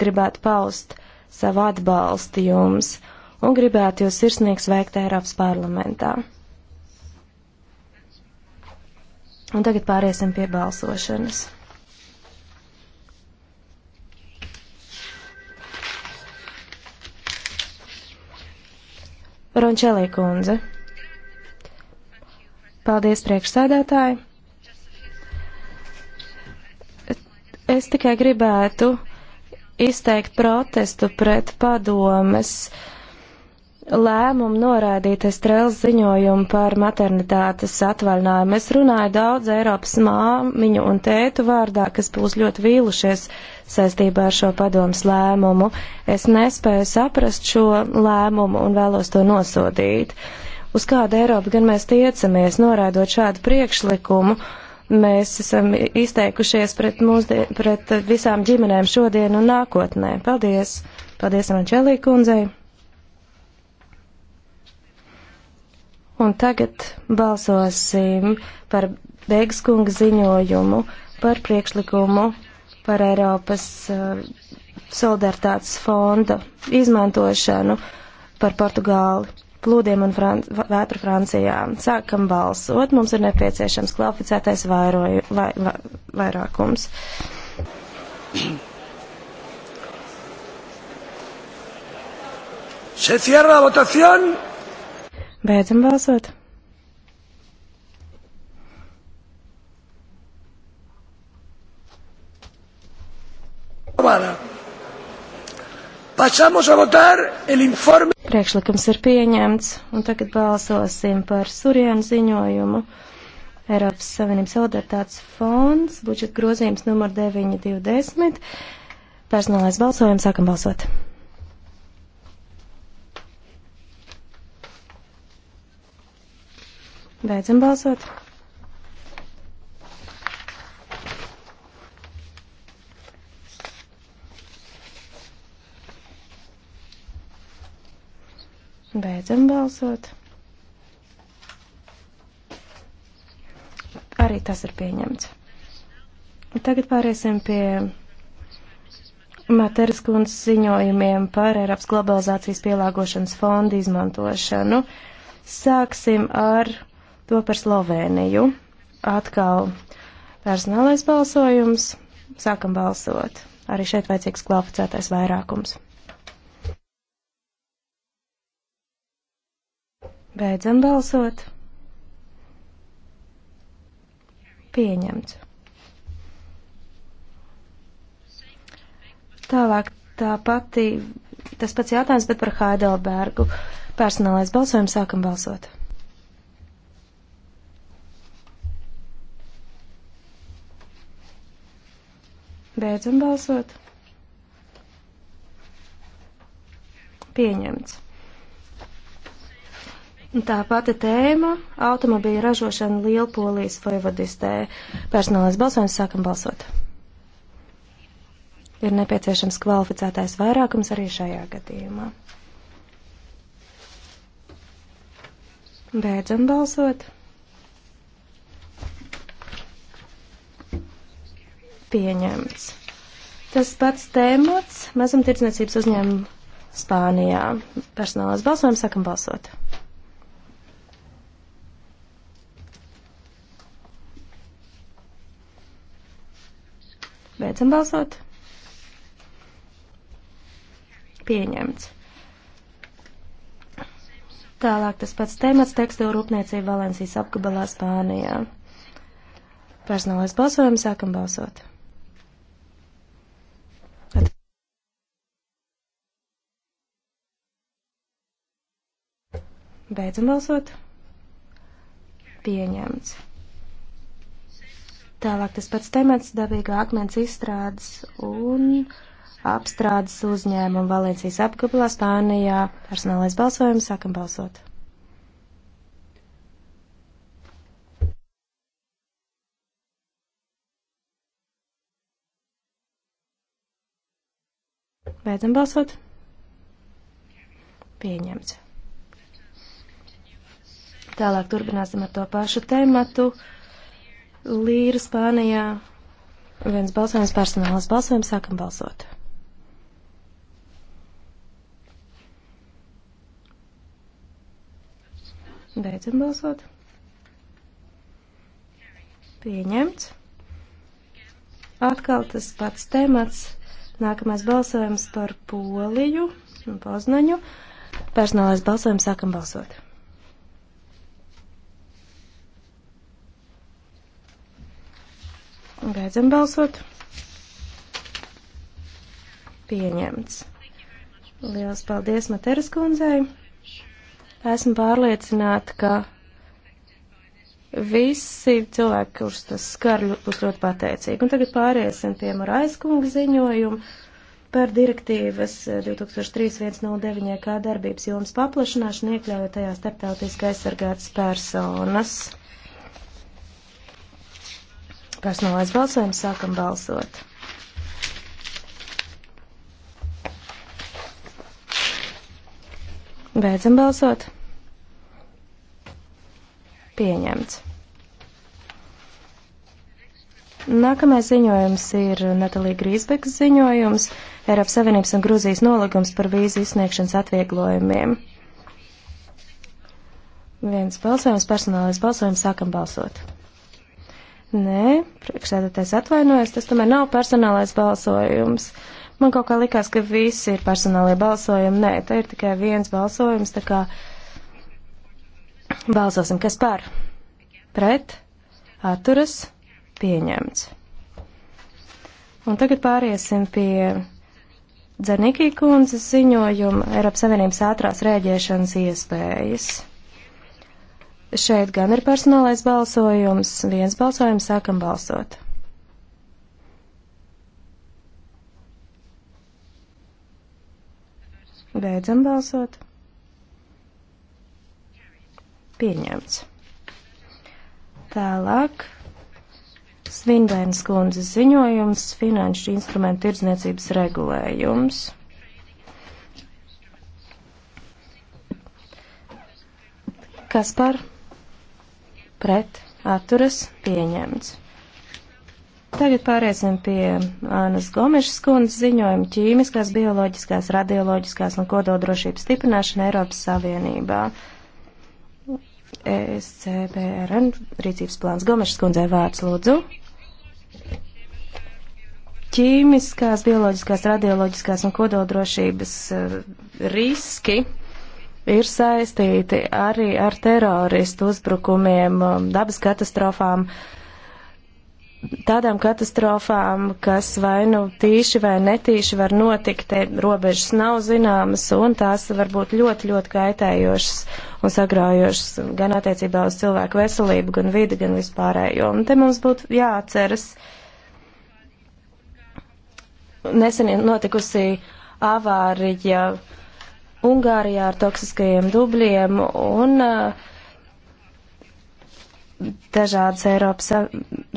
gribētu paust savu atbalstu jums un gribētu jūs sirsnīgi sveikt Eiropas parlamentā. Un tagad pāriesim pie balsošanas. Rončelī kundze. Paldies priekšsēdētāji. Es tikai gribētu izteikt protestu pret padomes lēmumu noraidīt Estrēlas ziņojumu par maternitātes atvaļinājumu. Es runāju daudz Eiropas māmiņu un tētu vārdā, kas būs ļoti vīlušies saistībā ar šo padomas lēmumu. Es nespēju saprast šo lēmumu un vēlos to nosodīt. Uz kādu Eiropu gan mēs tiecamies, noraidot šādu priekšlikumu? Uh, mēs esam izteikušies pret, mūsdie, pret visām ģimenēm šodien un nākotnē. Paldies! Paldies Anģelī kundzei! Un tagad balsosim par Bēgskunga ziņojumu par priekšlikumu par Eiropas uh, solidaritātes fonda izmantošanu par Portugāli plūdiem un Fran vētru Francijā. Sākam balsot, mums ir nepieciešams kvalificētais vairoju, vai, vai, vairākums. Se cierra la votación. Beidzam balsot. Pasamos a votar el informe. Priekšlikums ir pieņemts, un tagad balsosim par Surienu ziņojumu. Eiropas Savienības solidaritātes fonds, budžeta grozījums numur 920. Personālais balsojums, sākam balsot. Beidzam balsot. Beidzam balsot. Arī tas ir pieņemts. Tagad pāriesim pie Materas kundzes ziņojumiem par Eiropas globalizācijas pielāgošanas fondu izmantošanu. Sāksim ar to par Slovēniju. Atkal personālais balsojums. Sākam balsot. Arī šeit vajadzīgs kvalificētais vairākums. Beidzam balsot. Pieņemts. Tālāk tā pati, tas pats jautājums, bet par Heidelbergu. Personālais balsojums sākam balsot. Beidzam balsot. Pieņemts. Tā pati tēma - automobīļa ražošana Lielpolijas vojvodistē. Personālais balsojums sākam balsot. Ir nepieciešams kvalificētais vairākums arī šajā gadījumā. Beidzam balsot. Pieņemts. Tas pats tēmats - mazumtirdzniecības uzņēmumu Spānijā. Personālais balsojums sākam balsot. Beidzam balsot. Pieņemts. Tālāk tas pats temats tekstilu rūpniecība Valencijas apgabalā Spānijā. Personālais balsojums sākam balsot. Beidzam balsot. Pieņemts. Tālāk tas pats temats - dabīgā akmens izstrādes un apstrādes uzņēmumu Valencijas apgabalā Spānijā. Personālais balsojums sākam balsot. Beidzam balsot. Pieņemts. Tālāk turpināsim ar to pašu tematu. Līra Spānijā. Viens balsojums personālas balsojums. Sākam balsot. Beidzam balsot. Pieņemts. Atkal tas pats temats. Nākamais balsojums par Poliju un Poznaņu. Personālais balsojums sākam balsot. Beidzam balsot. Pieņemts. Lielas paldies Materas kundzei. Esmu pārliecināta, ka visi cilvēki, kurus tas skar, būs ļoti pateicīgi. Un tagad pāriesim pie Marais kunga ziņojumu par direktīvas 2003.109. Eh, kā darbības jomas paplašināšanu, iekļaujot tajā starptautiski aizsargātas personas. Kas nolaiž balsojumu, sākam balsot. Beidzam balsot. Pieņemts. Nākamais ziņojums ir Natalija Grīsbekas ziņojums - Eiropas Savienības un Grūzijas nolikums par vīzu izsniegšanas atvieglojumiem. Viens balsojums, personālais balsojums, sākam balsot. Nē, priekšsēdētājs atvainojas, tas tomēr nav personālais balsojums. Man kaut kā likās, ka visi ir personālajie balsojumi. Nē, te ir tikai viens balsojums, tā kā balsosim, kas par, pret, atturas, pieņemts. Un tagad pāriesim pie Dzernīkī kundzes ziņojuma Eiropas Savienības ātrās rēģēšanas iespējas. Šeit gan ir personālais balsojums, viens balsojums, sākam balsot. Beidzam balsot. Pieņemts. Tālāk Svindēnas kundzes ziņojums - finanšu instrumentu tirdzniecības regulējums. Kas par? pret atturas pieņemts. Tagad pāriesim pie Ānas Gomešas kundzes ziņojuma ķīmiskās, bioloģiskās, radioloģiskās un kododrošības stiprināšana Eiropas Savienībā. ESCBRN rīcības plāns Gomešas kundzei vārds lūdzu. Ķīmiskās, bioloģiskās, radioloģiskās un kododrošības eh, riski ir saistīti arī ar teroristu uzbrukumiem, um, dabas katastrofām, tādām katastrofām, kas vai nu tīši vai netīši var notikt, te robežas nav zināmas un tās var būt ļoti, ļoti kaitējošas un sagraujošas gan attiecībā uz cilvēku veselību, gan vidi, gan vispārējo. Un te mums būtu jāatceras nesen notikusi avārija. Ja Ungārijā ar toksiskajiem dubļiem un uh, dažādas Eiropas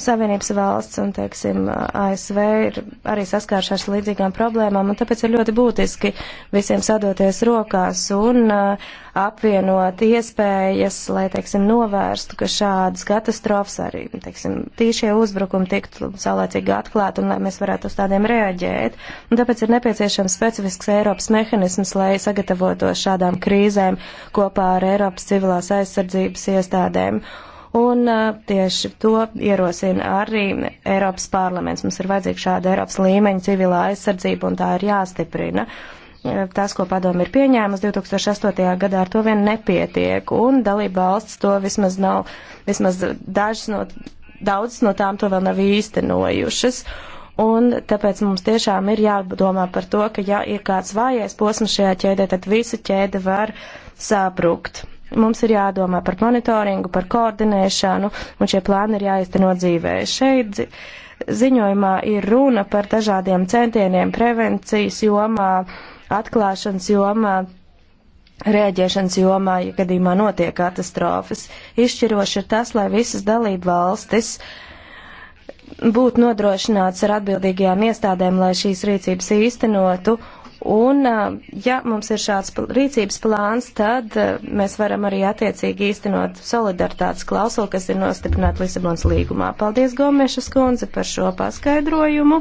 Savienības valsts un, teiksim, ASV ir arī saskāršās ar līdzīgām problēmām, un tāpēc ir ļoti būtiski visiem sadoties rokās un uh, apvienot iespējas, lai, teiksim, novērstu, ka šādas katastrofas arī, teiksim, tīšie uzbrukumi tiktu saulēcīgi atklāti un lai mēs varētu uz tādiem reaģēt. Un tāpēc ir nepieciešams specifisks Eiropas mehanisms, lai sagatavotos šādām krīzēm kopā ar Eiropas civilās aizsardzības iestādēm. Un tieši to ierosina arī Eiropas parlaments. Mums ir vajadzīga šāda Eiropas līmeņa civilā aizsardzība un tā ir jāstiprina tas, ko padomu ir pieņēmusi 2008. gadā, ar to vien nepietiek, un dalība valsts to vismaz nav, vismaz dažas no, daudzas no tām to vēl nav īstenojušas. Un tāpēc mums tiešām ir jādomā par to, ka ja ir kāds vājais posms šajā ķēdē, tad visa ķēde var uh, sabrukt. Mums ir jādomā par monitoringu, par koordinēšanu, un šie plāni ir jāizteno dzīvē. Šeit ziņojumā ir runa par dažādiem centieniem prevencijas jomā, atklāšanas jomā, rēģēšanas jomā, ja gadījumā notiek katastrofas. Izšķiroši ir tas, lai visas dalību valstis būtu nodrošināts ar atbildīgajām iestādēm, lai šīs rīcības īstenotu Un, ja mums ir šāds rīcības plāns, tad mēs varam arī attiecīgi īstenot solidaritātes klausulu, kas ir nostiprināta Lisabonas līgumā. Paldies, Gomešas kundze, par šo paskaidrojumu.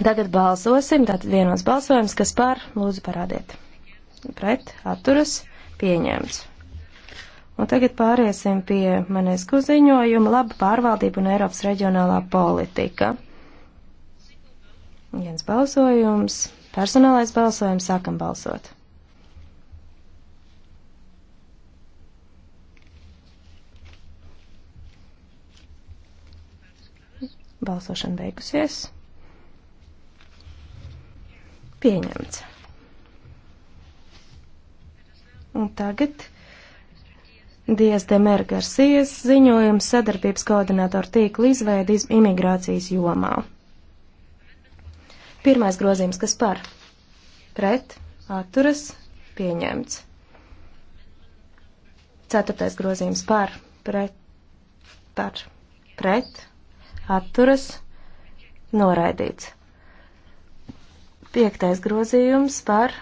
Tagad balsosim, tātad vienos balsojums, kas par, lūdzu parādiet. Pret, atturas, pieņemts. Un tagad pāriesim pie manis kuziņojuma, laba pārvaldība un Eiropas reģionālā politika. Viens balsojums. Personālais balsojums. Sākam balsot. Balsošana beigusies. Pieņemts. Un tagad Dievs Demēra Garcijas ziņojums sadarbības koordinātoru tīkla izveidi imigrācijas jomā. Pirmais grozījums, kas par pret atturas pieņemts. Ceturtais grozījums par pret, par pret atturas noraidīts. Piektais grozījums par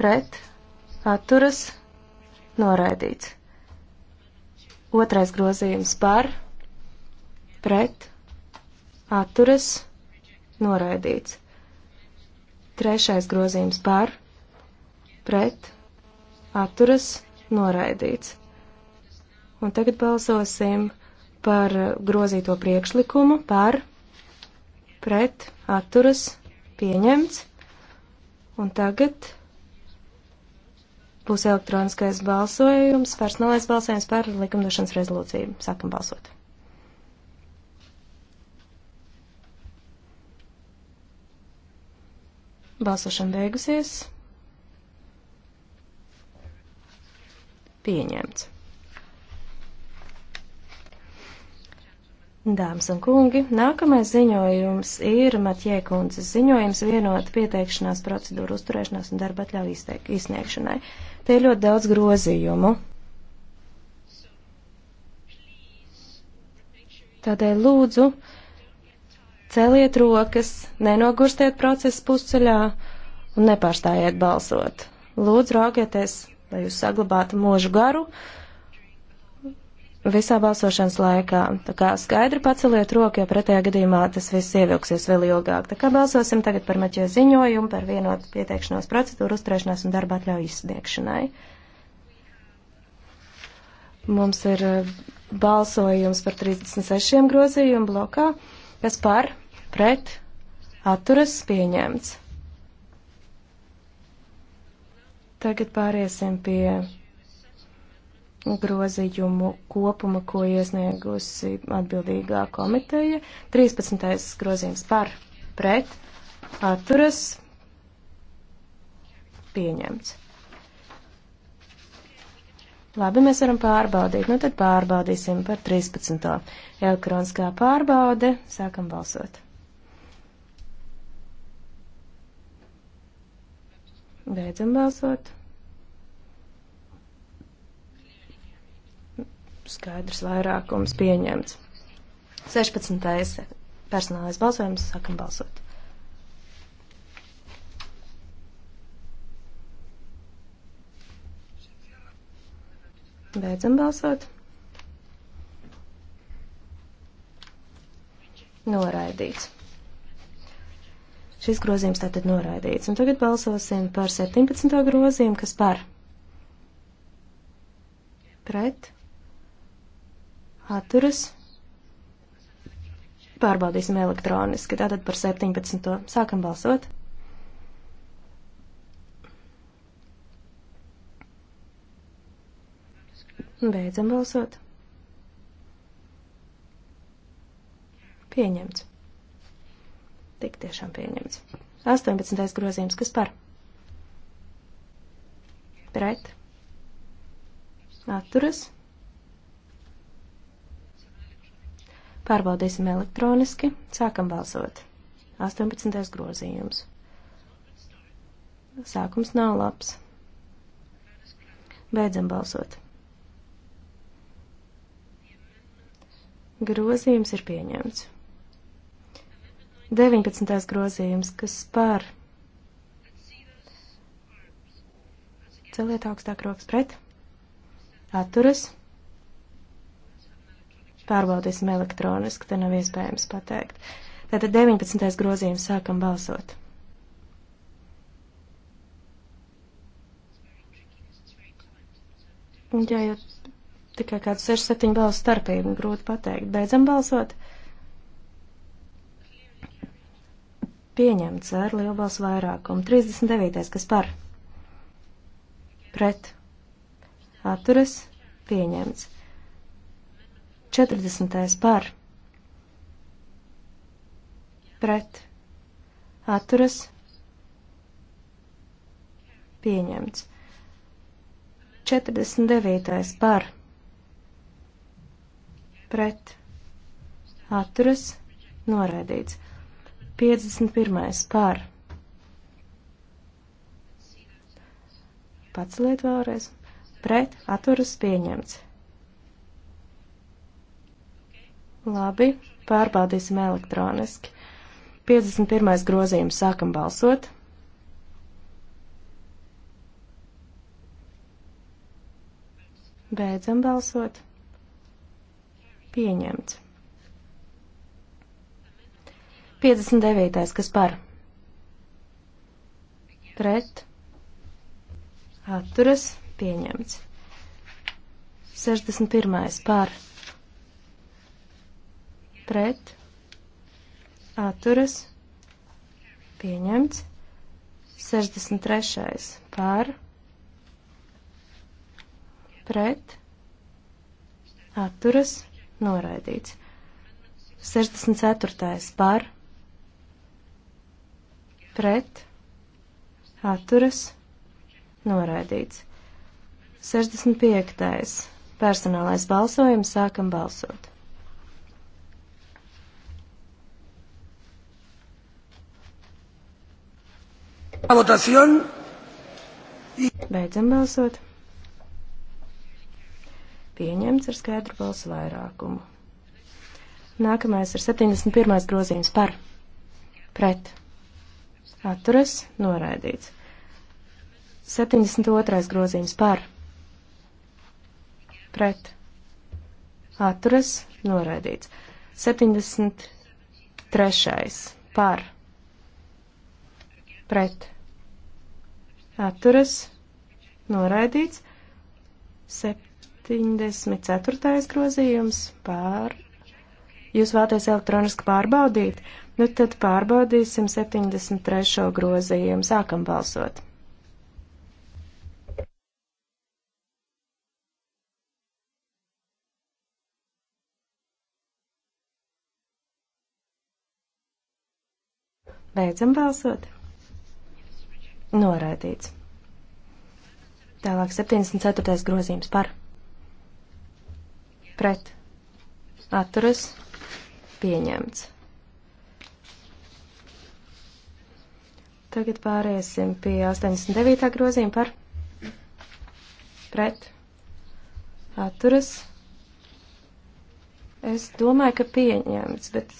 pret atturas noraidīts. Otrais grozījums par pret atturas noraidīts noraidīts. Trešais grozījums par, pret, atturas, noraidīts. Un tagad balsosim par grozīto priekšlikumu par, pret, atturas, pieņemts. Un tagad būs elektroniskais balsojums, personālais balsojums par likumdošanas rezolūciju. Sākam balsot. Balsošana beigusies. Pieņemts. Dāmas un kungi, nākamais ziņojums ir Matjē kundzes ziņojums vienot pieteikšanās procedūru uzturēšanās un darba atļauju izteik, izsniegšanai. Te ir ļoti daudz grozījumu. Tādēļ lūdzu, Celiet rokas, nenogurstiet procesu pusceļā un nepārstājiet balsot. Lūdzu, raugieties, lai jūs saglabātu mūžu garu visā balsošanas laikā. Tā kā skaidri paceliet roku, jo pretējā gadījumā tas viss ievilksies vēl ilgāk. Tā kā balsosim tagad par maķē ziņojumu par vienotu pieteikšanos procedūru uzturēšanās un darba atļauju izsniegšanai. Mums ir eh, balsojums par 36 grozījumu blokā. Kas par? pret atturas pieņemts. Tagad pāriesim pie grozījumu kopuma, ko iesniegusi atbildīgā komiteja. 13. grozījums par pret atturas pieņemts. Labi, mēs varam pārbaudīt. Nu tad pārbaudīsim par 13. elektroniskā pārbaude. Sākam balsot. Beidzam balsot. Skaidrs vairākums pieņemts. 16. personālais balsojums. Sākam balsot. Beidzam balsot. Noraidīts. Šis grozījums tātad noraidīts. Un tagad balsosim par 17. grozījumu, kas par pret atturas. Pārbaudīsim elektroniski. Tātad par 17. sākam balsot. Beidzam balsot. Pieņemts tik tiešām pieņemts. 18. grozījums, kas par? Pret. Atturas. Pārbaudīsim elektroniski. Sākam balsot. 18. grozījums. Sākums nav labs. Beidzam balsot. Grozījums ir pieņemts. 19. grozījums, kas par celiet augstāk rokas pret, atturas, pārbaudīsim elektroniski, te nav iespējams pateikt. Tātad 19. grozījums sākam balsot. Jā, jo tikai kāds 6-7 balsu starpība, grūti pateikt. Beidzam balsot. 19.12. Pieņemts ar lielu balsu vairākumu. 39. kas par? Pret. Atturas. Pieņemts. 40. par? Pret. Atturas. Pieņemts. 49. par? Pret. Atturas. Noraidīts. 51. par. Paceliet vēlreiz. Pret atturas pieņemts. Labi, pārbaudīsim elektroniski. 51. grozījums sākam balsot. Beidzam balsot. Pieņemts. 59. kas par? Pret. Atturas. Pieņemts. 61. par. Pret. Atturas. Pieņemts. 63. par. Pret. Atturas. Noraidīts. 64. par pret, atturas, noraidīts. 65. Personālais balsojums sākam balsot. Votación. Beidzam balsot. Pieņemts ar skaidru balsu vairākumu. Nākamais ir 71. grozījums par pret atturas noraidīts. 72. grozījums par pret atturas noraidīts. 73. par pret atturas noraidīts. 74. grozījums par. Jūs vēlaties elektroniski pārbaudīt? Nu tad pārbaudīsim 73. grozījumu. Sākam balsot. Beidzam balsot. Noraidīts. Tālāk 74. grozījums par. Pret. Atturas. Pieņemts. Tagad pāriesim pie 89. grozījuma par pret atturas. Es domāju, ka pieņemts, bet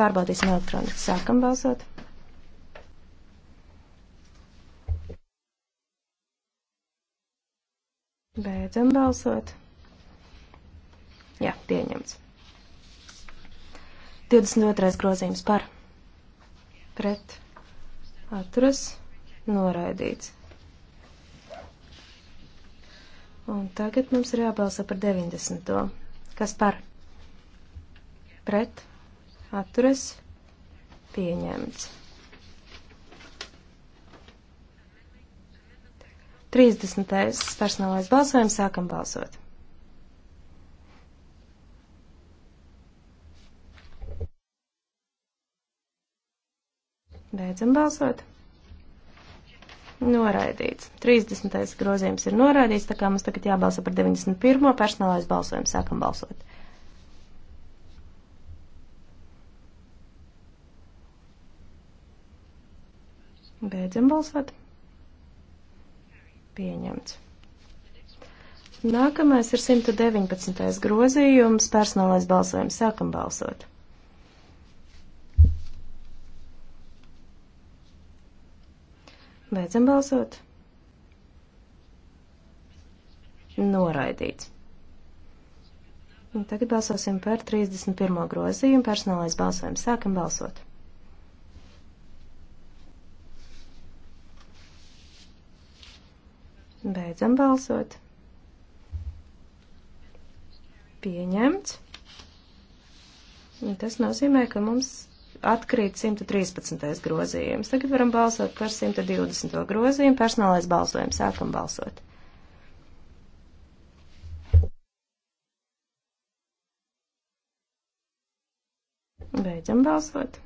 pārbaudīsim elektroniski. Sākam balsot. Beidzam balsot. Jā, pieņemts. 22. grozījums par pret atturas noraidīts. Un tagad mums ir jābalsa par 90. Kas par? Pret, atturas, pieņemts. 30. personālais balsojums sākam balsot. Beidzam balsot. Noraidīts. 30. grozījums ir noraidīts, tā kā mums tagad jābalsa par 91. personālais balsojums. Sākam balsot. Beidzam balsot. Pieņemts. Nākamais ir 119. grozījums, personālais balsojums. Sākam balsot. Beidzam balsot. Noraidīts. Un tagad balsosim par 31. grozījumu. Personālais balsojums. Sākam balsot. Beidzam balsot. Pieņemts. Un tas nozīmē, ka mums atkrīt 113. grozījums. Tagad varam balsot par 120. grozījumu. Personālais balsojums. Sākam balsot. Beidzam balsot.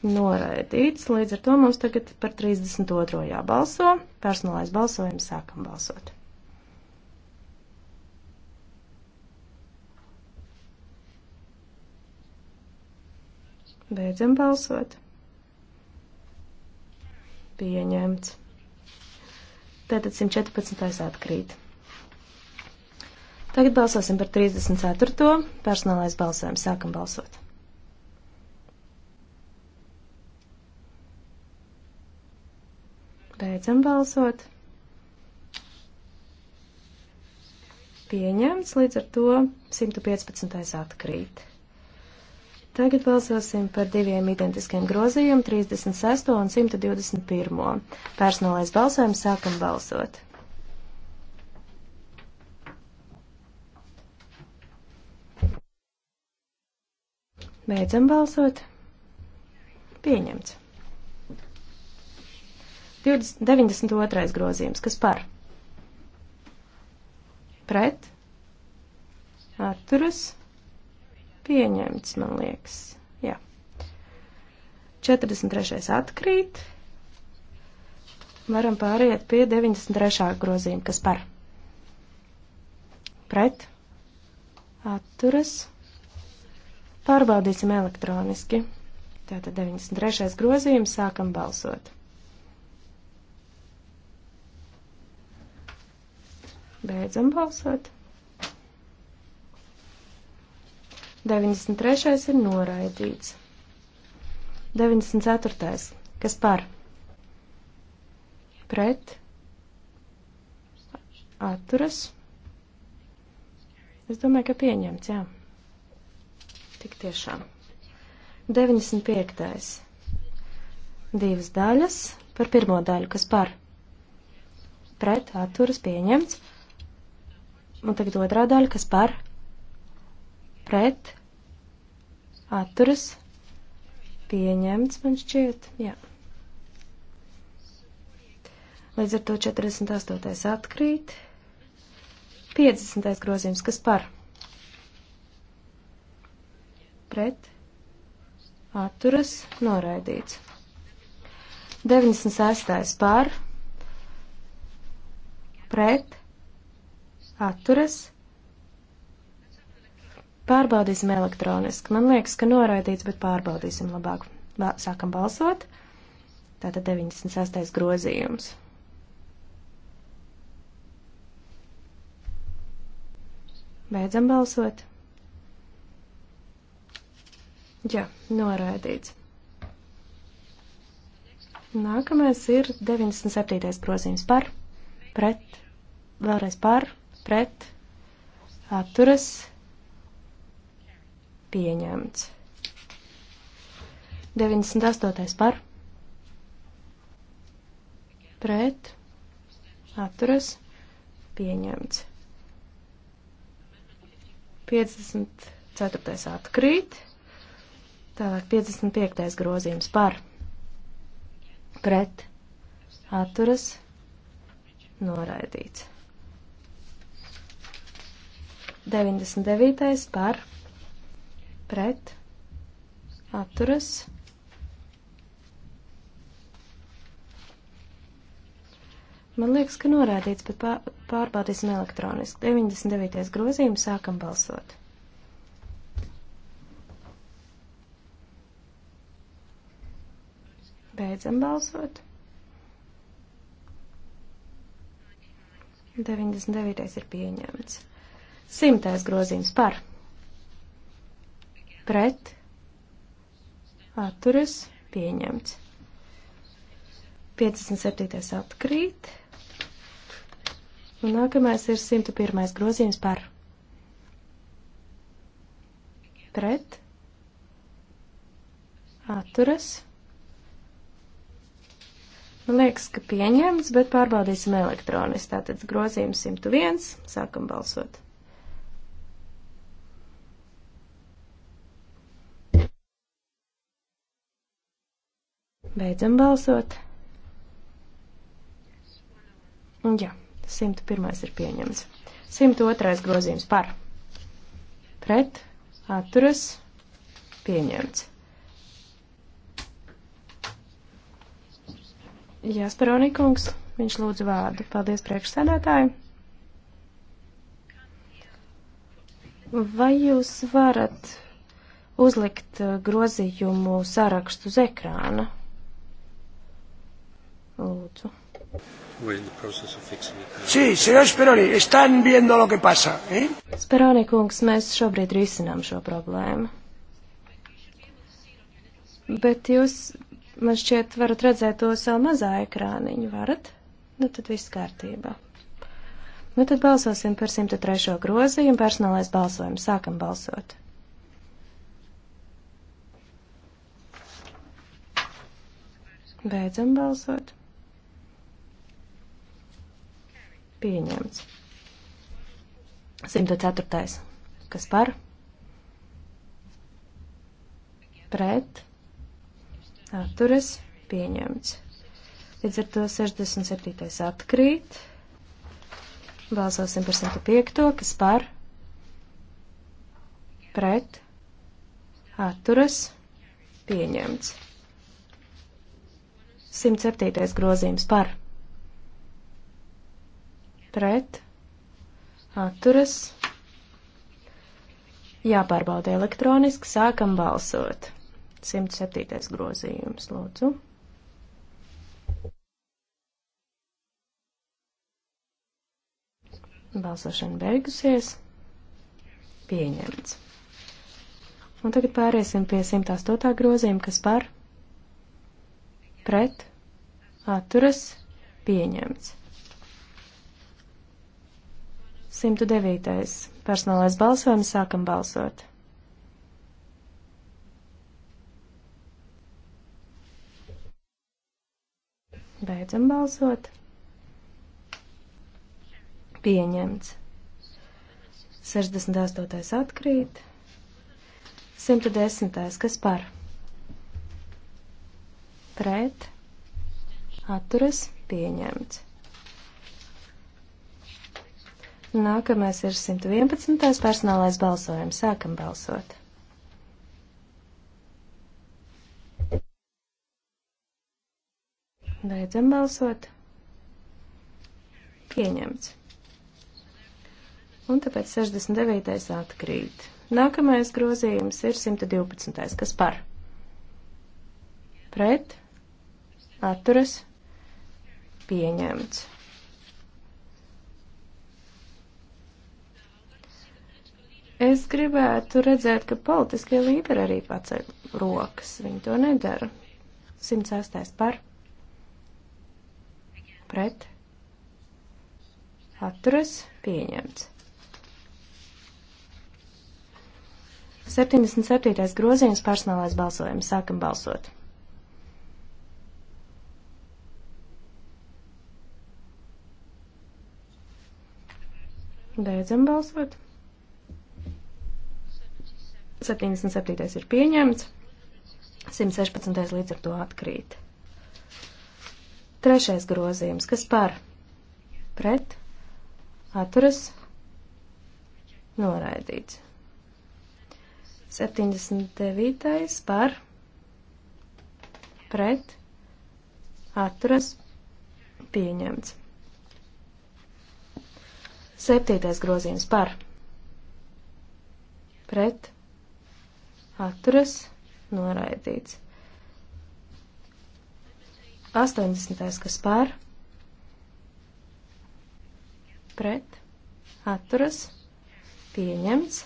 Noraidīts, līdz ar to mums tagad par 32. jābalso. Personālais balsojums sākam balsot. Beidzam balsot. Pieņemts. Tātad 114. atkrīt. Tagad balsosim par 34. personālais balsojums. Sākam balsot. Beidzam balsot. Pieņemts, līdz ar to 115. atkrīt. Tagad balsosim par diviem identiskiem grozījumiem - 36. un 121. Personālais balsojums sākam balsot. Beidzam balsot. Pieņemts. 20, 92. grozījums. Kas par? Pret? Atturas? pieņemts, man liekas. Jā. 43. atkrīt. Varam pāriet pie 93. grozījuma, kas par pret atturas. Pārbaudīsim elektroniski. Tātad 93. grozījums sākam balsot. Beidzam balsot. 93. ir noraidīts. 94. kas par? Pret? Atturas? Es domāju, ka pieņemts, jā. Tik tiešām. 95. Divas daļas par pirmo daļu, kas par? Pret? Atturas? Pieņemts. Un tagad otrā daļa, kas par? Pret? atturas pieņemts, man šķiet, jā. Līdz ar to 48. atkrīt. 50. grozījums, kas par? Pret. Atturas noraidīts. 96. par. Pret. Atturas noraidīts Pārbaudīsim elektroniski. Man liekas, ka noraidīts, bet pārbaudīsim labāk. Ba sākam balsot. Tātad 96. grozījums. Beidzam balsot. Jā, noraidīts. Nākamais ir 97. grozījums par, pret, vēlreiz par, pret, atturas, pieņemts. 98. par pret atturas pieņemts. 54. atkrīt, tālāk 55. grozījums par pret atturas noraidīts. 99. par pret pret, atturas. Man liekas, ka norādīts, bet pārbaudīsim elektroniski. 99. grozījums sākam balsot. Beidzam balsot. 99. ir pieņemts. 100. grozījums par pret, atturas, pieņemts. 57. atkrīt. Un nākamais ir 101. grozījums par pret, atturas. Man liekas, ka pieņemts, bet pārbaudīsim elektroniski. Tātad grozījums 101. Sākam balsot. Beidzam balsot. Un jā, 101. ir pieņemts. 102. grozījums par. Pret. Atturas. Pieņemts. Jāsparonikungs, viņš lūdzu vārdu. Paldies priekšsēdētāji. Vai jūs varat uzlikt eh, grozījumu sarakstu uz ekrāna? Lūdzu. Sí, señor Speroni, están viendo lo que pasa, eh? Speroni kungs, mēs šobrīd risinām šo problēmu. Bet jūs, man šķiet, varat redzēt to savu mazā ekrāniņu, varat? Nu, tad viss kārtībā. Nu, tad balsosim par 103. grozījumu, personālais balsojums. Sākam balsot. Beidzam balsot. pieņemts. 104. Kas par? Pret. Atturas pieņemts. Līdz ar to 67. atkrīt. Balsosim par 105. Kas par? Pret. Atturas pieņemts. 107. grozījums par pret, atturas, jāpārbauda elektroniski, sākam balsot. 107. grozījums, lūdzu. Balsošana beigusies. Pieņemts. Un tagad pāriesim pie 108. grozījuma, kas par pret atturas pieņemts. 109. Personālais balsojums sākam balsot. Beidzam balsot. Pieņemts. 68. atkrīt. 110. kas par? Pret. Atturas pieņemts. Nākamais ir 111. personālais balsojums. Sākam balsot. Beidzam balsot. Pieņemts. Un tāpēc 69. atkrīt. Nākamais grozījums ir 112. kas par? Pret? Atturas? Pieņemts. Es gribētu redzēt, ka politiskie līderi arī paceļ rokas. Viņi to nedara. 106. par. Pret. Atturas. Pieņemts. 77. grozījums personālais balsojums. Sākam balsot. Beidzam balsot. 77. ir pieņemts, 116. līdz ar to atkrīt. Trešais grozījums, kas par pret atturas noraidīts. 79. par pret atturas pieņemts. Septītais grozījums par pret atturas noraidīts. 80. kas pār, pret, atturas, pieņemts.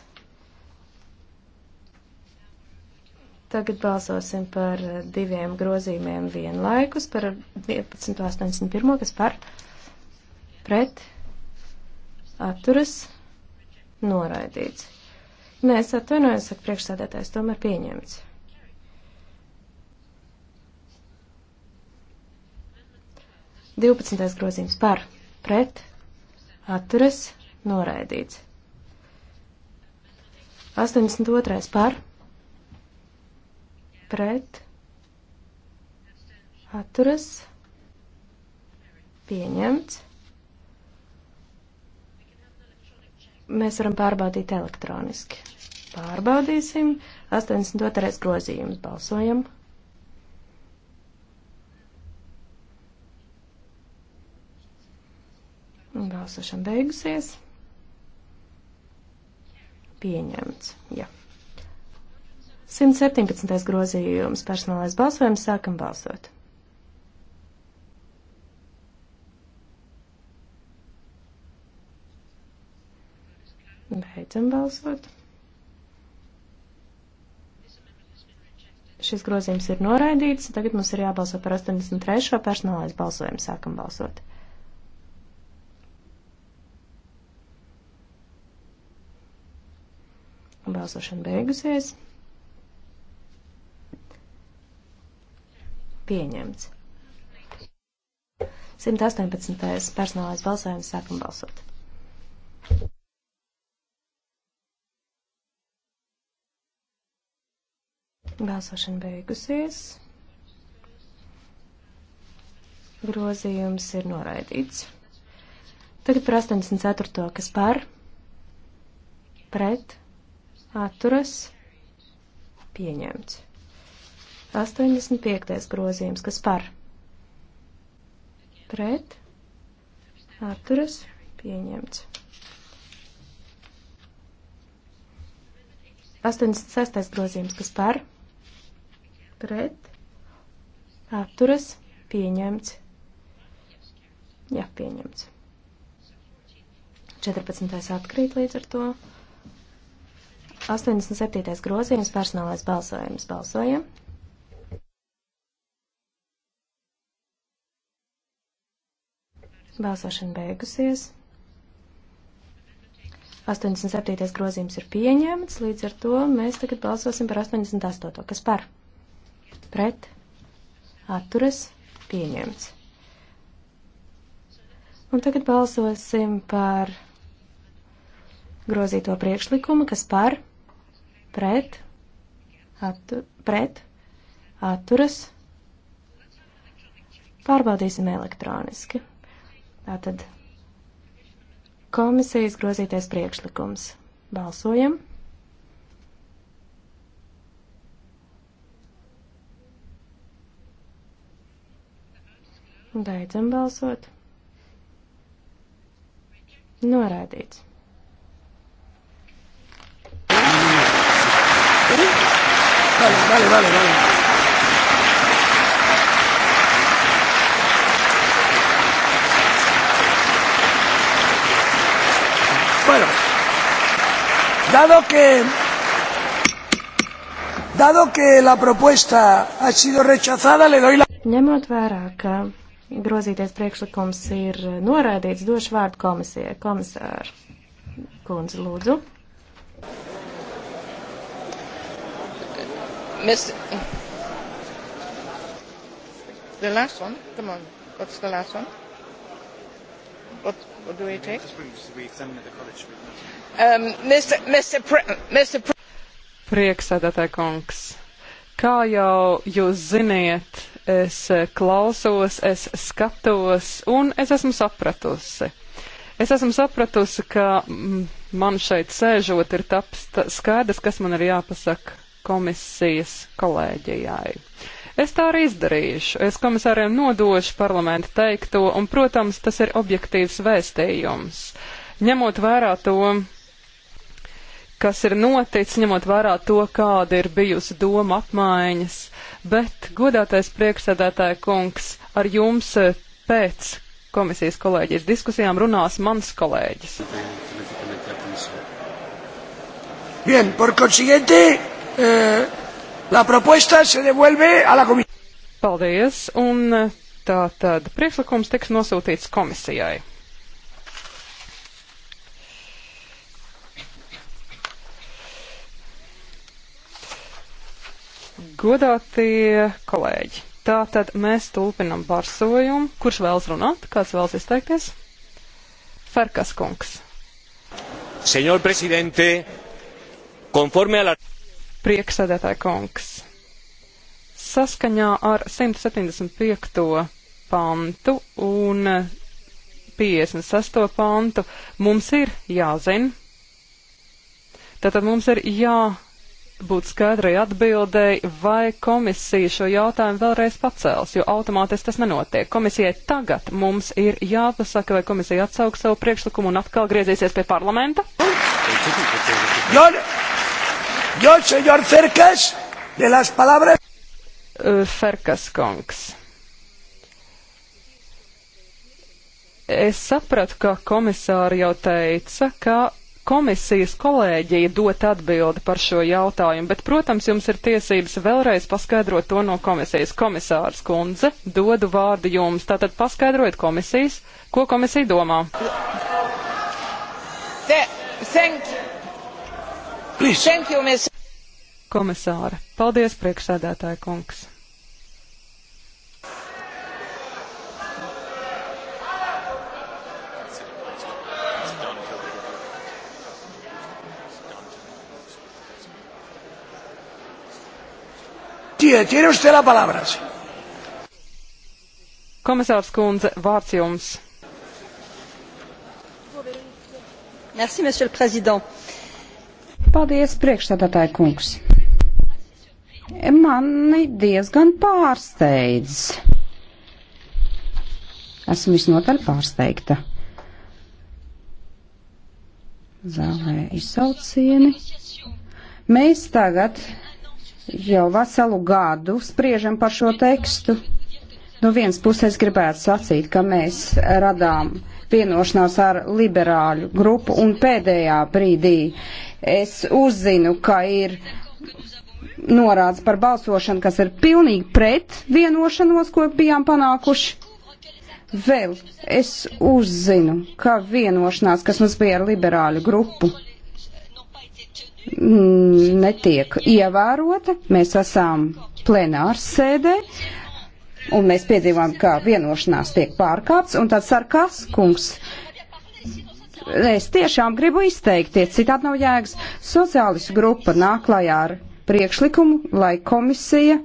Tagad balsosim par diviem grozījumiem vienlaikus, par 1181, kas par, pret, atturas, noraidīts. Nē, es atvainojos, saka priekšsēdētājs, tomēr pieņemts. Divpadsmitais grozījums par, pret, atturas, noraidīts. 82. par, pret, atturas, pieņemts. mēs varam pārbaudīt elektroniski. Pārbaudīsim. 82. grozījums. Balsojam. Balsošana beigusies. Pieņemts. Jā. 117. grozījums. Personālais balsojums. Sākam balsot. Beidzam balsot. Šis grozījums ir noraidīts. Tagad mums ir jābalso par 83. personālais balsojums. Sākam balsot. Balsošana beigusies. Pieņemts. 118. personālais balsojums. Sākam balsot. Balsošana beigusies. Grozījums ir noraidīts. Tagad par 84. kas par, pret, atturas, pieņemts. 85. grozījums kas par, pret, atturas, pieņemts. 86. grozījums kas par, pret pret, atturas, pieņemts. Jā, pieņemts. 14. atkrīt līdz ar to. 87. grozījums personālais balsojums. Balsojam. Balsošana beigusies. 87. grozījums ir pieņemts, līdz ar to mēs tagad balsosim par 88. kas par? pret, atturas, pieņemts. Un tagad balsosim par grozīto priekšlikumu, kas par, pret, attu, pret atturas. Pārbaudīsim elektroniski. Tātad komisijas grozīties priekšlikums. Balsojam! Beidzam balsot. Norādīts. Vale, vale, vale, vale. Bueno, dado que, dado que la propuesta ha sido rechazada, le doy la. Ņemot vērā, ka grozīties priekšlikums ir noraidīts. Došu vārdu komisijai. Komisāri, kundze, lūdzu. Miss... The last one? Come on. What's the last one? What, what do we take? Um, Mr. Mr. Pre Mr. Pre Prieksēdētāja kungs Kā jau jūs ziniet, es klausos, es skatos un es esmu sapratusi. Es esmu sapratusi, ka mm, man šeit sēžot ir taps skaidrs, kas man ir jāpasaka komisijas kolēģijai. Es tā arī izdarīšu. Es komisāriem nodošu parlamentu teikto, un, protams, tas ir objektīvs vēstījums. Ņemot vērā to, kas ir noticis, ņemot vērā to, kāda ir bijusi doma apmaiņas. Bet, godātais priekšsēdētāja kungs, ar jums eh, pēc komisijas kolēģijas diskusijām runās mans kolēģis. Bien, por consiguiente, eh, la propuesta se devuelve a la comisión. Paldies, un eh, tā tad priekšlikums tiks nosūtīts komisijai. Godātie kolēģi, tā tad mēs tulpinam barsojumu. Kurš vēlas runāt? Kāds vēlas izteikties? Ferkas kungs. Senor prezidente, konformē ar. Prieksēdētāja kungs. Saskaņā ar 175. pantu un 56. pantu mums ir jāzina. Tātad mums ir jā būt skaidrai atbildēji, vai komisija šo jautājumu vēlreiz pacels, jo automātiski tas nenotiek. Komisijai tagad mums ir jāpasaka, vai komisija atsauks savu priekšlikumu un atkal griezīsies pie parlamenta. Yo, yo, señor Cercas, de las palabras. Uh, Ferkas kungs. Es sapratu, ka komisāri jau teica, ka komisijas kolēģija dot atbildi par šo jautājumu, bet, protams, jums ir tiesības vēlreiz paskaidrot to no komisijas. Komisārs kundze, dodu vārdu jums. Tātad paskaidrojiet komisijas, ko komisija domā. Thank you. Thank you, Komisāra, paldies priekšsēdētāja kungs. Tie, tiene usted la palabra. Komisārs Kundze, vārds jums. Merci, monsieur le président. Paldies, priekšstādātāja kungs. Mani diezgan pārsteidz. Esmu visnotaļ pārsteigta. Zālē izsaucieni. Mēs tagad jau veselu gadu spriežam par šo tekstu. No vienas puses gribētu sacīt, ka mēs radām vienošanās ar liberāļu grupu un pēdējā brīdī es uzzinu, ka ir norāds par balsošanu, kas ir pilnīgi pret vienošanos, ko bijām panākuši. Vēl es uzzinu, ka vienošanās, kas mums bija ar liberāļu grupu, Mm, netiek ievērota. Mēs esam plenārs sēdē. Un mēs piedzīvām, ka vienošanās tiek pārkāpts, un tad sarkas kungs es tiešām gribu izteikties, citādi nav jēgas. Sociālistu grupa nāk klajā ar priekšlikumu, lai komisija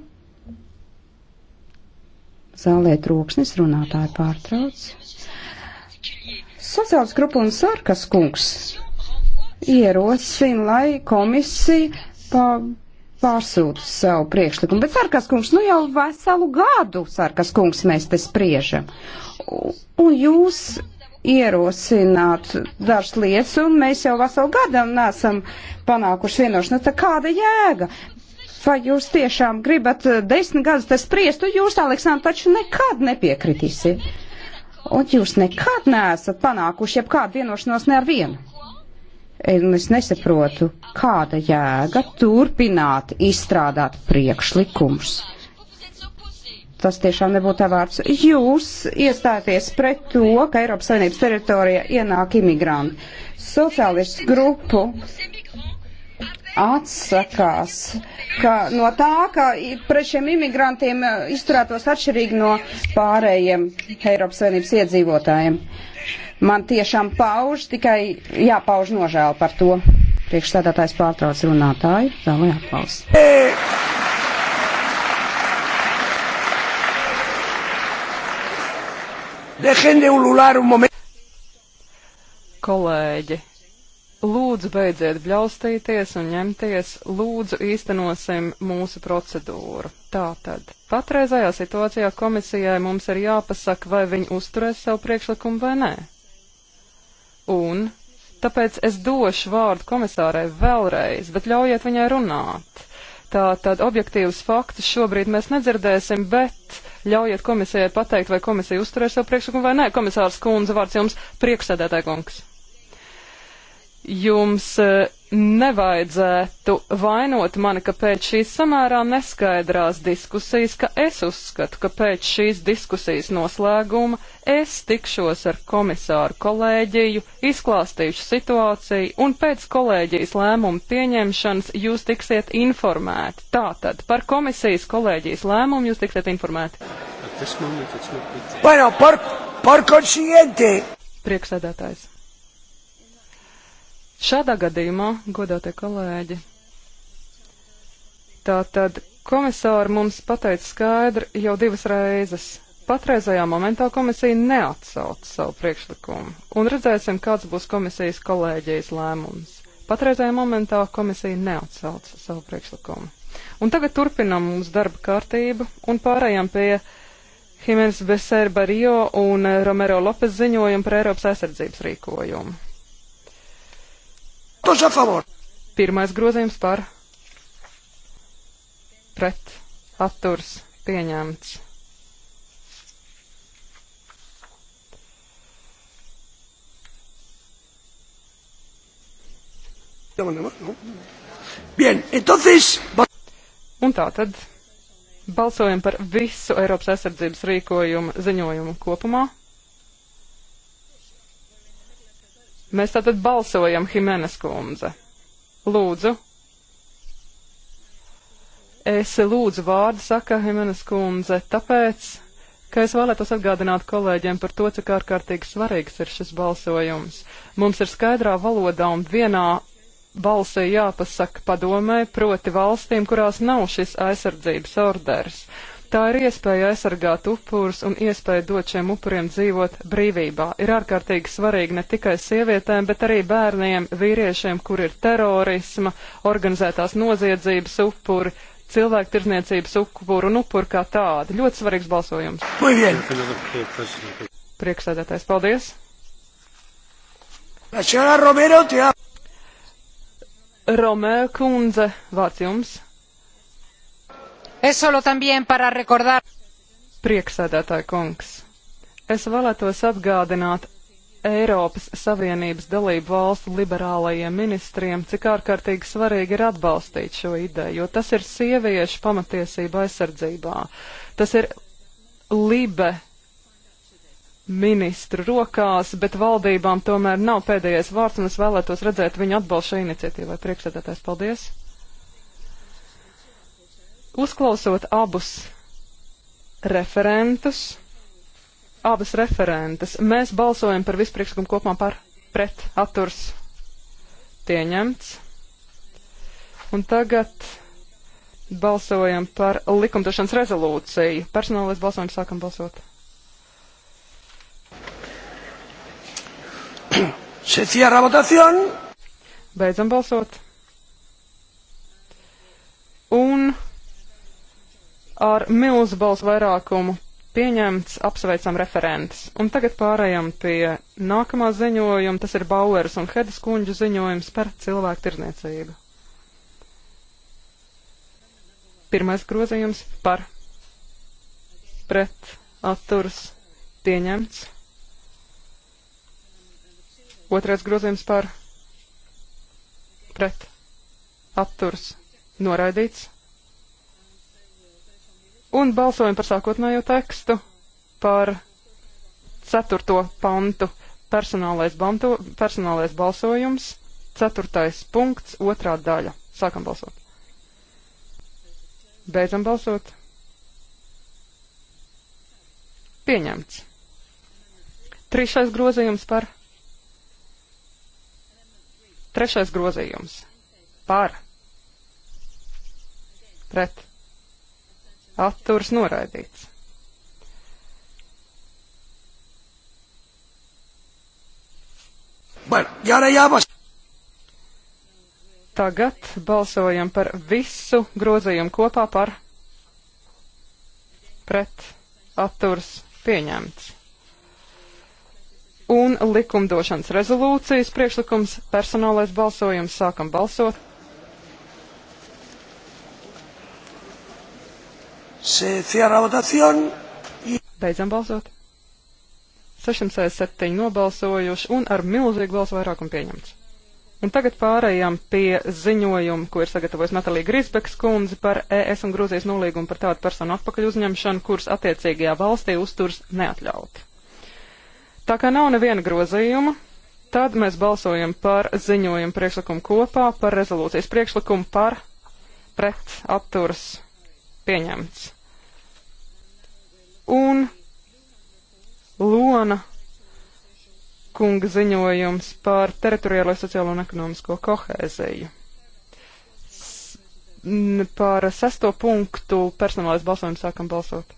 zālē troksnis runātāju pārtrauc. Sociālistu grupa un Sarkas kungs ierosina, lai komisija pa, pārsūta savu priekšlikumu. Bet Sarkas kungs, nu jau veselu gadu, Sarkas kungs, mēs te spriežam. Un jūs ierosināt dažas lietas, un mēs jau veselu gadu nesam panākuši vienošanos. Nu, tā kāda jēga? Vai jūs tiešām gribat desmit gadus te spriest, un jūs, Aleksandr, taču nekad nepiekritīsiet. Un jūs nekad neesat panākuši jebkādu vienošanos ne ar vienu. Un es nesaprotu, kāda jēga turpināt izstrādāt priekšlikumus. Tas tiešām nebūtu tā vārds. Jūs iestāties pret to, ka Eiropas Savienības teritorijā ienāk imigranti. Sociālistu grupu atsakās ka no tā, ka pret šiem imigrantiem eh, izturētos atšķirīgi no pārējiem Eiropas Savienības iedzīvotājiem. Uh, Man tiešām pauž, tikai jāpauž nožēla par to. Priekšstādātājs pārtrauc runātāju. Zālē aplaus. Dejen de ulular un momento. Kolēģi, lūdzu beidziet bļaustīties un ņemties, lūdzu īstenosim mūsu procedūru. Tātad, patreizajā situācijā komisijai mums ir jāpasaka, vai viņi uzturēs savu priekšlikumu vai nē. Un tāpēc es došu vārdu komisārai vēlreiz, bet ļaujiet viņai runāt. Tā tad objektīvas faktus šobrīd mēs nedzirdēsim, bet ļaujiet komisijai pateikt, vai komisija uzturēs savu priekšlikumu vai nē. Komisārs Kunze, vārds jums priekšsēdētāja kungs. Jums uh, nevajadzētu vainot mani, ka pēc šīs samērā neskaidrās diskusijas, ka es uzskatu, ka pēc šīs diskusijas noslēguma es tikšos ar komisāru kolēģiju, izklāstīšu situāciju un pēc kolēģijas lēmumu pieņemšanas jūs tiksiet informēti. Tātad par komisijas kolēģijas lēmumu jūs tiksiet informēti. Bueno, par, par consciente. Prieksēdētājs. Šādā gadījumā, godātie kolēģi, tātad komisāri mums pateica skaidri jau divas reizes. Patreizajā momentā komisija neatsauc savu priekšlikumu, un redzēsim, kāds būs komisijas kolēģijas lēmums. Patreizajā momentā komisija neatsauc savu priekšlikumu. Un tagad turpinam mums darba kārtību un pārējām pie Jimenez Beser Barrio un Romero Lopes ziņojumu par Eiropas aizsardzības rīkojumu. Kurš a favor? Pirmais grozījums par pret atturs pieņemts. Nu. Bien, entonces... Un tā tad balsojam par visu Eiropas aizsardzības rīkojumu ziņojumu kopumā. Mēs tātad balsojam Himenes kundze. Lūdzu. Es lūdzu vārdu, saka Himenes kundze, tāpēc, ka es vēlētos atgādināt kolēģiem par to, cik ārkārtīgi svarīgs ir šis balsojums. Mums ir skaidrā valodā un vienā balsī jāpasaka padomē, proti valstīm, kurās nav šis aizsardzības orders. Tā ir iespēja aizsargāt upurus un iespēja dot šiem upuriem dzīvot brīvībā. Ir ārkārtīgi svarīgi ne tikai sievietēm, bet arī bērniem, vīriešiem, kur ir terorisma, organizētās noziedzības upuri, cilvēku tirzniecības upuri un upuri kā tādi. Ļoti svarīgs balsojums. Priekšsēdētājs, paldies! La señora Romero te ha... Romeo Kunze, vārds jums. Es solo también para recordar. Prieksēdētāji kungs, es vēlētos atgādināt Eiropas Savienības dalību valstu liberālajiem ministriem, cik ārkārtīgi svarīgi ir atbalstīt šo ideju, jo tas ir sieviešu pamatiesība aizsardzībā. Tas ir libe ministru rokās, bet valdībām tomēr nav pēdējais vārds, un es vēlētos redzēt viņu atbalstu šai iniciatīvai. Priekšsēdētājs, paldies! Uzklausot abus referentus, abas referentes, mēs balsojam par vispriekšlikumu kopumā par pret atturs pieņemts. Un tagad balsojam par likumdošanas rezolūciju. Personālais balsojums sākam balsot. Se cierra votación. Beidzam balsot. ar milzu balsu vairākumu pieņemts, apsveicam referents. Un tagad pārējām pie nākamā ziņojuma, tas ir Bauers un Hedas kundžu ziņojums par cilvēku tirniecību. Pirmais grozījums par pret atturs pieņemts. Otrais grozījums par pret atturs noraidīts. Un balsojam par sākotnējo tekstu, par ceturto pantu personālais, banto, personālais balsojums, ceturtais punkts, otrā daļa. Sākam balsot. Beidzam balsot. Pieņemts. Trešais grozījums par. Trešais grozījums par. Pret atturas noraidīts. Tagad balsojam par visu grozījumu kopā par pret atturs pieņemts. Un likumdošanas rezolūcijas priekšlikums personālais balsojums sākam balsot. Se cierra votación. Beidzam balsot. 607 nobalsojuši un ar milzīgu balsu vairākumu pieņemts. Un tagad pārējām pie ziņojuma, ko ir sagatavojis Natalija Grisbeks kundze par ES un Grūzijas nolīgumu par tādu personu atpakaļ uzņemšanu, kuras attiecīgajā valstī uzturs neatļauti. Tā kā nav neviena grozījuma, tad mēs balsojam par ziņojumu priekšlikumu kopā, par rezolūcijas priekšlikumu par pret atturas pieņemts un Lona kunga ziņojums par teritoriālo sociālo un ekonomisko kohēziju. S par sesto punktu personālais balsojums sākam balsot.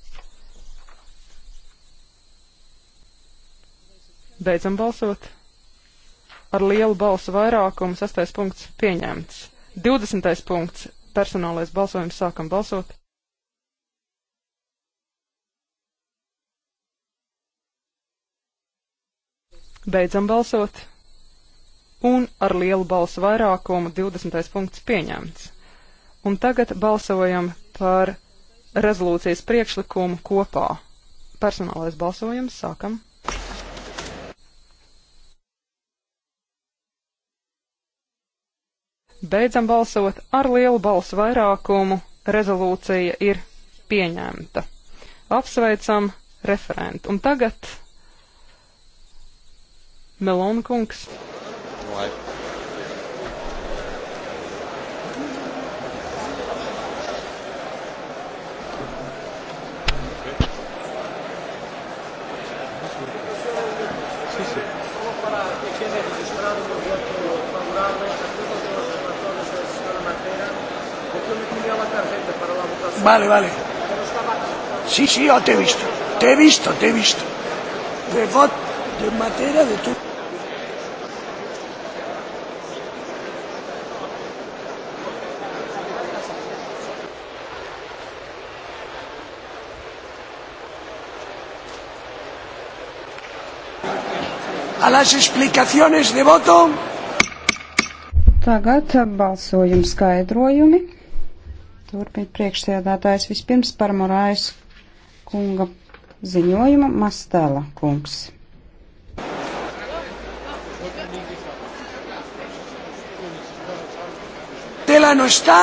Beidzam balsot. Ar lielu balsu vairākumu sastais punkts pieņemts. 20. punkts personālais balsojums sākam balsot. Beidzam balsot. Un ar lielu balsu vairākumu 20. punkts pieņemts. Un tagad balsojam par rezolūcijas priekšlikumu kopā. Personālais balsojums sākam. Beidzam balsot ar lielu balsu vairākumu. Rezolūcija ir pieņemta. Apsveicam referentu. Un tagad Melona kungs. Lai. Vale, vale. Sí, sí, yo te he visto. Te he visto, te he visto. De, de materia de tu. a las explicaciones de voto. Tagad balsojuma skaidrojumi. Turpin priekšsēdētājs vispirms par Morais kunga ziņojumu Mastela kungs. Tela no está,